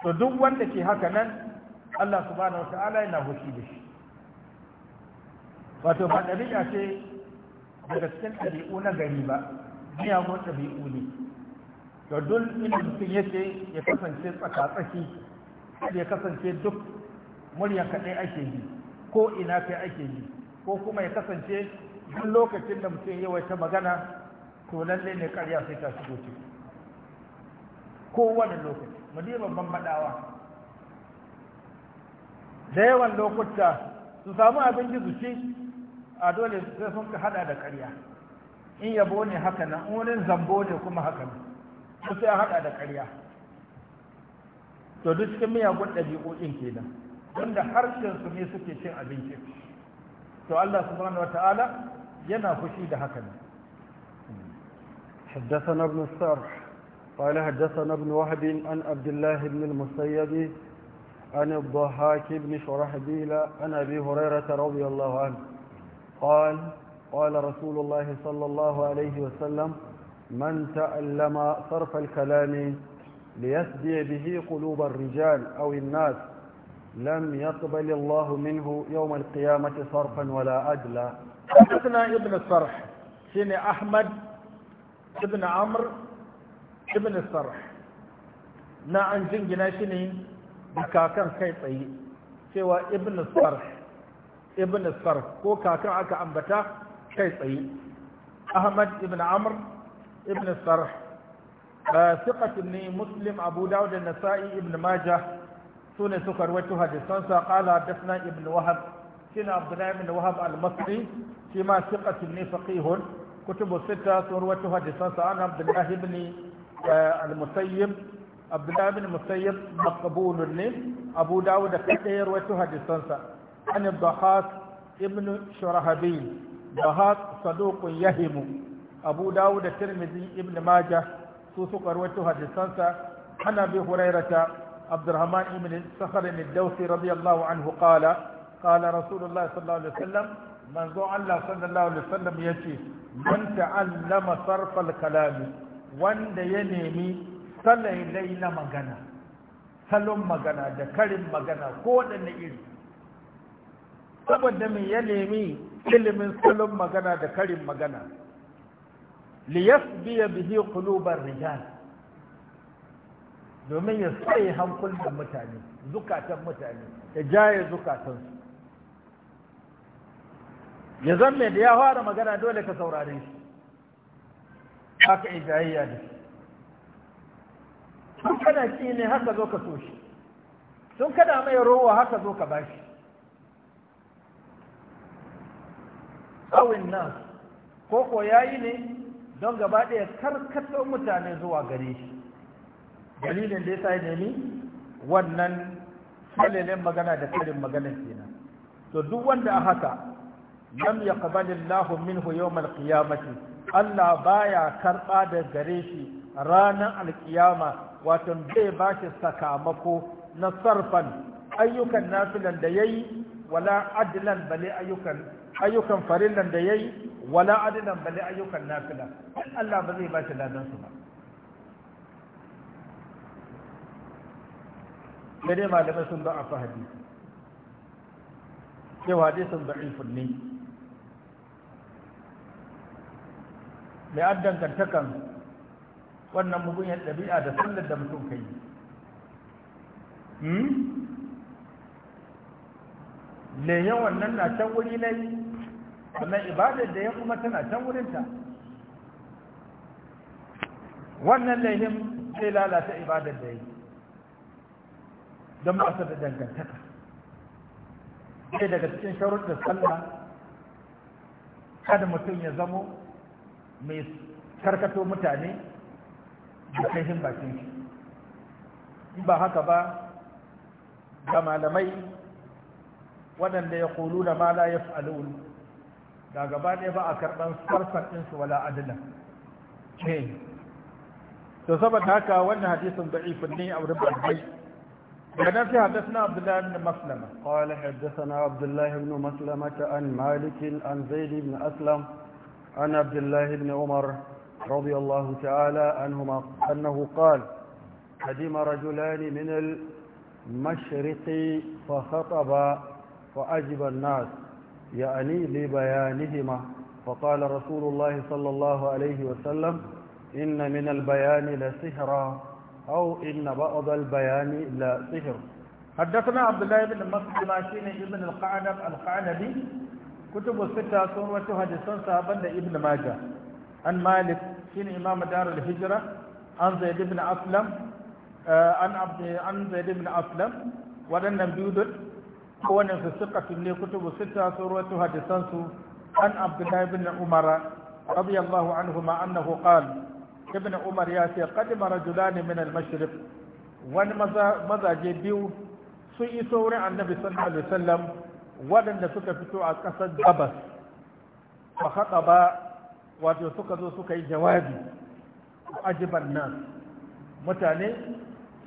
to duk wanda ke haka nan Allah subhanahu wata'ala yana hushi da shi wato ba ɗabi'a ce daga cikin ɗabi'u na gari ba miyagun ɗabi'u ne da duk inda mutum yake ya kasance tsakatsaki ya kasance duk murya kaɗai ake yi ko ina kai ake yi ko kuma ya kasance duk lokacin da mutum yawaita magana to lallai ne karya sai ta shigo ciki kowane lokaci mu je babban madawa da yawan lokuta su samu abin gizuci a dole sai sun hada da karya in yabo ne haka nan wurin zambo ne kuma haka nan ko sai haɗa da ƙarya to duk cikin miyagun ɗabi'o'in kenan wanda harshen su ne suke cin abinci to Allah subhanahu
wata'ala yana fushi da haka ne حدثنا ابن السرح قال حدثنا ابن وهب عن عبد الله بن المسيب عن الضحاك بن شرحبيل عن أبي هريرة رضي الله عنه قال قال رسول الله صلى الله عليه وسلم من تألم صرف الكلام ليسدي به قلوب الرجال أو الناس لم يقبل الله منه يوم القيامة صرفا ولا أدلا
حدثنا ابن الصرح سين أحمد ابن عمرو ابن الصرح na an jingina shi ne da kakan kai tsaye cewa ibn sarh ibn sarh ko kakan aka ambata kai tsaye ahmad ibn amr ابن الصرح آه، ثقة ابن مسلم أبو داود النسائي ابن ماجه سنة سكر وتوها دسانسا قال حدثنا ابن وهب سنة عبد الله بن وهب المصري فيما ثقة ابن فقيه كتب الستة سنة وتوها دسانسا عن عبد الله بن آه، المسيب عبد الله بن المسيب مقبول لي أبو داود كثير وتوها دسانسا عن الضحاك ابن شرهبيل ضحاك صدوق يهم abu dawud da tirmidhi ibn majah su suka rawaito hadisansa ana bi hurairata abdurrahman ibn sakhr ibn dawsi radiyallahu anhu qala qala rasulullah sallallahu alaihi wasallam manzo Allah sallallahu alaihi wasallam yace man ta'allama sarf al-kalam wanda ya nemi salailai na magana salon magana da karin magana ko da wadanne iri saboda me ya nemi ilimin salon magana da karin magana liyasbiya bihi qulubar rijal domin ya sai hankulan mutane zukatan mutane ya jaye zukatansu ya zama da ya fara magana dole ka saurare shi haka ijayayya da shi sun kana ki ne haka zo ka so shi sun kana mai rowa haka zo ka bashi awin nan ko ko yayi ne don gaba ɗaya karkatar mutane zuwa gare shi dalilin da ya sa nemi wannan salilin magana da karin magana kenan to duk wanda a haka lam yaqbal lahun minhu hu al Allah baya karɓa da gare shi ranar alkiyama wato bai ba shi sakamako na sarfan ayyukan nasu da yayi wala adlan bale ayyukan ayyukan farillan da yayi wala adinan bale ayyukan nafila Allah ba zai ba shi ladan su ba dare malamai sun ba a fa hadisi cewa hadisin da'ifun ne mai addan kantakan wannan mugunyar ɗabi'a da sallar da mutum ka yi hmm? yawan nan na can wuri na yi sannan ibadar da ya kuma tana can wurinta wannan laihim zai lalata ibadar da ya yi don masu da dangantaka sai daga cikin da sallah kada mutum ya zamo mai karkato mutane da kaihin bakin shi in ba haka ba ga malamai waɗanda ya kulu da ma la ya fi da gaba ne ba a karɓar farfar ɗinsu wala adila
to saboda haka wannan hadisin da'ifin ne a wurin babbai daga fi haddasa abdullahi ibn maslama qala haddathana abdullahi ibn maslama ta an malik an zaid ibn aslam an abdullahi ibn umar radiyallahu ta'ala anhuma annahu qala قدم رجلان من المشرق فخطب فأجب الناس يعني لبيانهما فقال رسول الله صلى الله عليه وسلم إن من البيان لسهرا أو إن بعض البيان لسهر حدثنا عبد الله بن مسعود ماشين ابن القعنب القعنبي كتب الستة
سورة حديثا صحابا ابن ماجه عن مالك شين إمام دار الهجرة عن زيد بن أسلم آه، عن عبد عن زيد بن أسلم ولن بيودل kowane su suka tunne kutubu sita sun ruwatu hadisansu an abdullahi bin umar radiyallahu anhu ma annahu qal ibn umar ya ce qadima rajulani min al wani mazaje biyu sun iso wurin annabi sallallahu alaihi wasallam waɗanda suka fito a ƙasar gabas fa haɗa ba wato suka zo suka yi jawabi ajiban nan mutane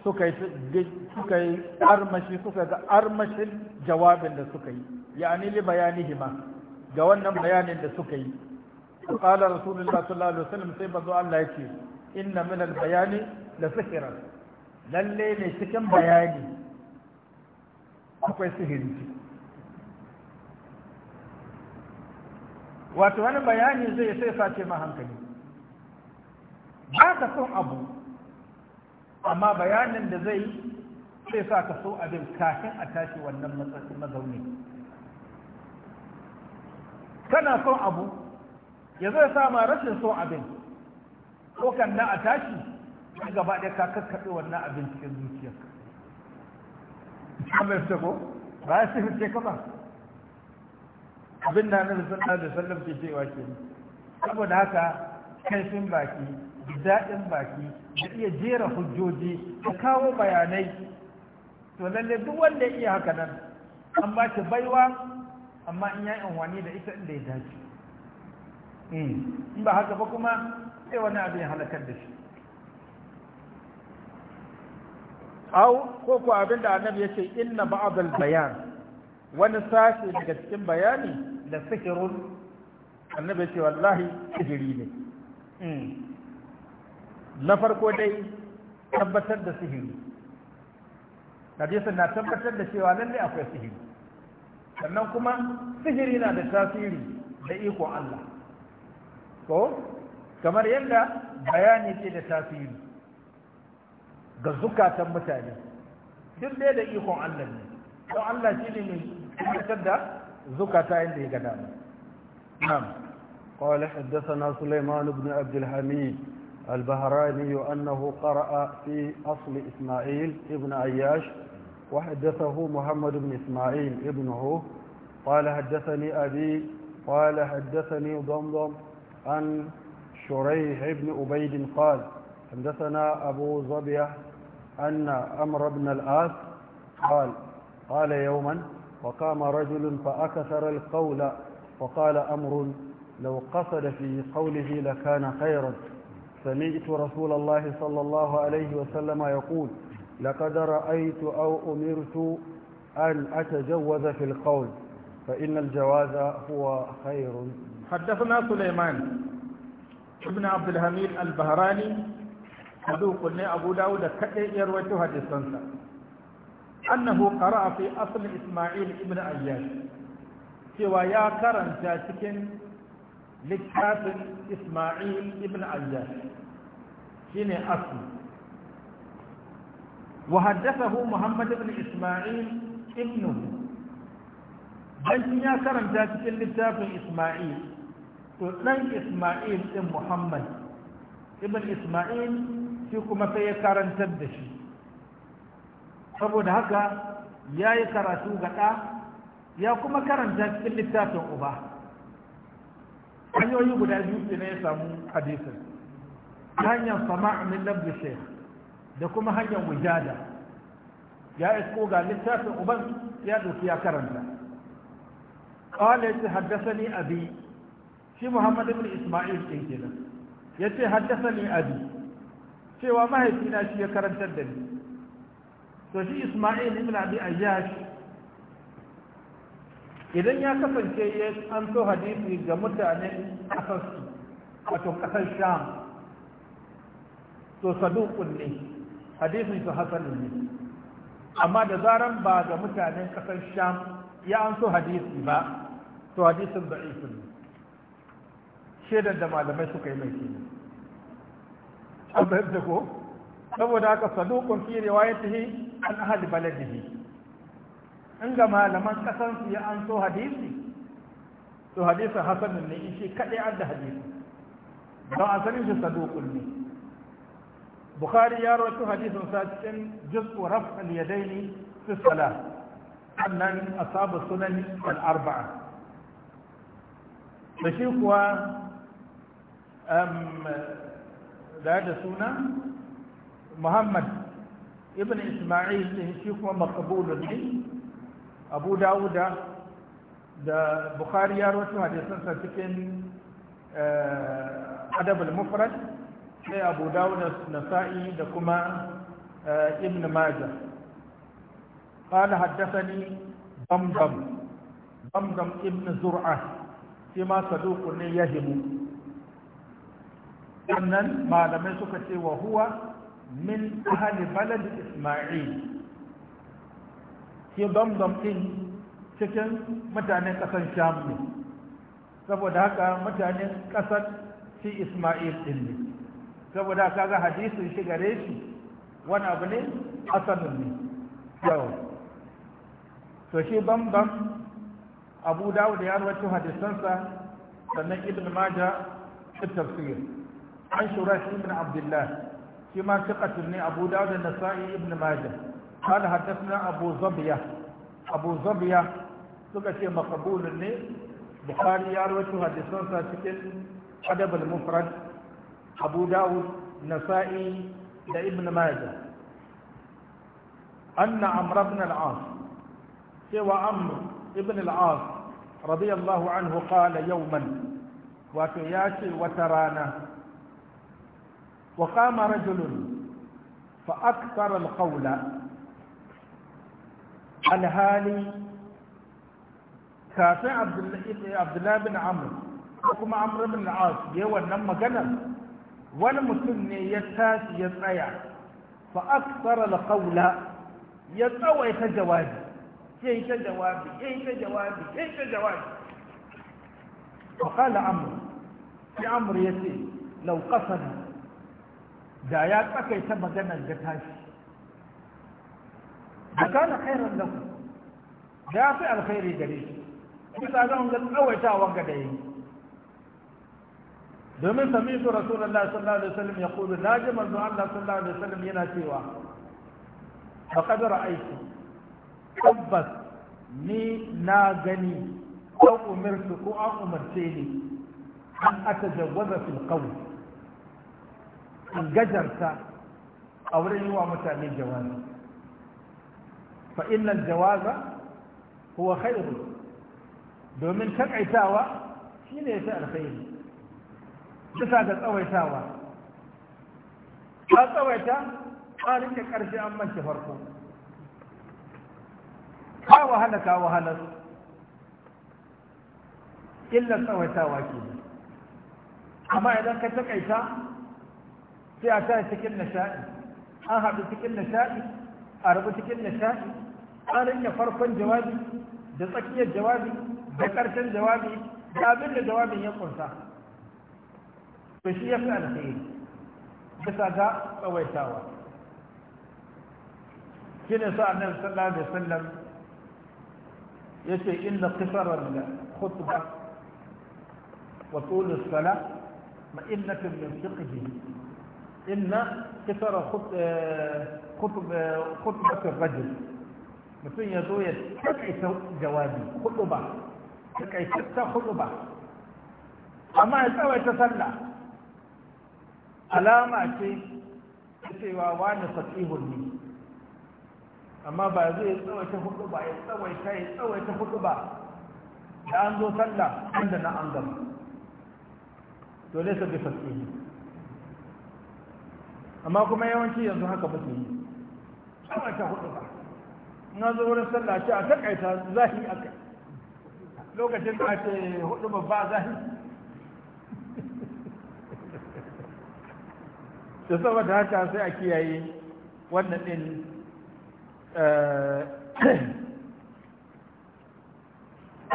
suka yi armashi suka ga armashin jawabin da suka yi yani li hima ga wannan bayanin da suka yi qala rasulullah sallallahu alaihi wasallam sai bazo Allah ya ce, inna min al-bayani la sihran lalle ne cikin bayani akwai sihiri wato wani bayani zai sai sace ma hankali ba ka son abu amma bayanin da zai sai sa ka so abin kafin a tashi wannan matsatsin mazauni kana son abu ya zai sama rashin so abin ko kan na a tashi ya gaba ɗaya ka kakkaɓe wannan abin cikin zuciya. amma yadda ko ba ya sifin ce ba abin da na sallallahu da wasallam ke cewa ke saboda haka kaifin baki daɗin baki da iya jera hujjoji da kawo bayanai to lalle duk wanda ya iya haka nan an ba shi baiwa amma in ya yi da ita inda ya dace hmm. in ba haka ba kuma sai wani abin halakar da shi au ko ko abin da annabi ya ce inna ba'dal bayan wani sashi daga cikin bayani da sihirun annabi ya ce wallahi sihiri ne hmm. na farko dai tabbatar da sihiri hadisin na tabbatar da cewa lalle akwai sihiri sannan kuma sihiri na da tasiri da iko Allah ko kamar yadda bayani ke da tasiri ga zukatan mutane duk dai da ikon Allah ne don Allah shi ne mai tabbatar da
zukata yadda ya gada. dama na'am قال حدثنا سليمان بن عبد الحميد البهراني أنه قرأ في أصل إسماعيل ابن عياش وحدثه محمد بن إسماعيل ابنه قال حدثني أبي قال حدثني ضمضم عن شريح بن أبيد قال حدثنا أبو ظبية أن أمر بن الآس قال قال يوما وقام رجل فأكثر القول فقال أمر لو قصد في قوله لكان خيرا سمعت رسول الله صلى الله عليه وسلم يقول لقد رأيت أو أمرت أن أتجوز في القول فإن الجواز هو خير
حدثنا سليمان ابن عبد الحميد البهراني صدوق لي أبو داود كأي يروي حديثا أنه قرأ في أصل إسماعيل ابن أياش cewa ya karanta cikin littafin isma'il ibn ayyash shine asli wa haddathahu muhammad ibn isma'il ibnu bayan ya karanta cikin littafin isma'il to dan isma'il din muhammad ibn isma'il shi kuma sai ya karantar da shi saboda haka ya yi karatu ga ɗa ya kuma karanta cikin littafin uba hanyoyi guda biyu ne ya samu hadisin hanyar sama' min lambu sheikh da kuma hanyar wujada ya isko ga littafin uban ya ɗauki ya karanta ya ce haddasa ni قال حدثني أبي في محمد nan. Ya ce haddasa ni أبي cewa mahaifina shi ya karantar da ni to shi Isma'il ibn Abi Ayyash idan ya kasance ya an so hadisi ga mutane kasarsu wato kasar sham to saduqun ne hadisin su hasan ne amma da zaran ba ga mutanen kasar sham ya an so hadisi ba to hadisin da'if ne shedar da malamai suka yi mai kenan an da ko saboda haka saduqun fi riwayatihi an ahli baladihi in ga malaman kasan su ya an so hadisi to hadisi hasan ne in shi kade an da hadisi don asalin shi saduqul ne bukhari ya rawaito hadisin sa cikin juz'u raf al-yadaini fi salah annan asaba sunan al-arba'a da shi kuwa am da da suna muhammad ibn isma'il shi kuma maqbulun ne abu dawuda da bukhari ya rawaito hadisansa cikin eh, adabul mufrad sai abu dawuda nasa'i da kuma eh, ibn majah bamdam Ibn ضمضم ضمضم ma زرعه ne ya himu. sannan malamai suka ce wa huwa min ahli balad isma'il ke bambam ɗin cikin mutanen ƙasar sham ne saboda haka mutanen ƙasar shi ismail ɗin ne saboda ga hadisin shi gare shi wani abu ne asalin ne yau to shi bambam abu dawud ya rawaito hadisansa sannan ibn maja tafsir an shura shi ibn abdullah shi ma thiqatun ne abu dawud da nasa'i ibn maja قال حدثنا أبو زبية أبو زبية سكتي مقبول لي بخاري يروي حديثنا سكتي أدب المفرد أبو داود نسائي لابن ابن ماجه أن عمرو بن العاص سوى عمرو ابن العاص رضي الله عنه قال يوما وتياشي وترانا وقام رجل فأكثر القول alhali kafin abdullahi bin amr ko kuma amr bin al'as ya wannan maganar wani mutum ne ya tashi ya tsaya fa aksara alqawla ya tsawaita jawabi yayi ta jawabi yayi ta jawabi yayi ta jawabi fa qala amr fi amr yace law qasada da ya tsakaita maganar da tashi da khairan lahu da fi alkhairi gare shi bisa ga wannan tsawaitawa ga da yi domin su rasulullahi sallallahu alaihi wasallam yaqulu na ji du Allah sallallahu alaihi wasallam yana cewa faqad ra'aytu tabbas ni na gani ko umirtu ko an umarce ni an atajawwaza fil qawl an gajarta a wurin yi wa mutane jawabi فإن الجواز هو خير دومين كم عتاوى شين يساء الخير جسادة أو عتاوى قال أو عتا قال إنك أرجع أمان شفركم أو هلك أو هلك إلا أو عتاوى كيف أما إذا كتب عتا في عتاوى تكن نشائي أهب تكن نشائي أربو تكن نشائي tsarin ya farkon jawabi da tsakiyar jawabi da ƙarshen jawabi da abin da jawabin ya kunsa to shi ya fi alheri bisa ga tsawaitawa shi ne sa annabi sallallahu alaihi wasallam yace inna qisaran khutba wa tul ma inna ma'inatun min fiqhi inna qisara khutba khutba rajul mutum ya zo ya takaita jawabi hudu ba takaitatta hudu ba amma ya tsawaita sallah alama ce ta cewa wani fasihun ne amma ba zai ya tsawaita hudu ba ya tsawaita ya tsawaita hudu ba da an zo sallah inda na an gama to ne sabbi fasihi amma kuma yawanci yanzu haka muke yi tsawaita hudu ba na zo wurin sallah ce a takaita zahi a kai lokacin da ake hudu babba zahi da saboda haka sai a kiyaye wannan din da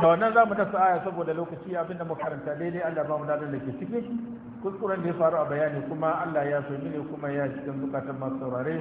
eh, wannan za mu dasa aya saboda lokaci abinda mu karanta daidai Allah ba mu dadin da ke ciki kuskuren da ya faru a bayani kuma Allah ya so ne kuma ya cikin zukatan masu saurare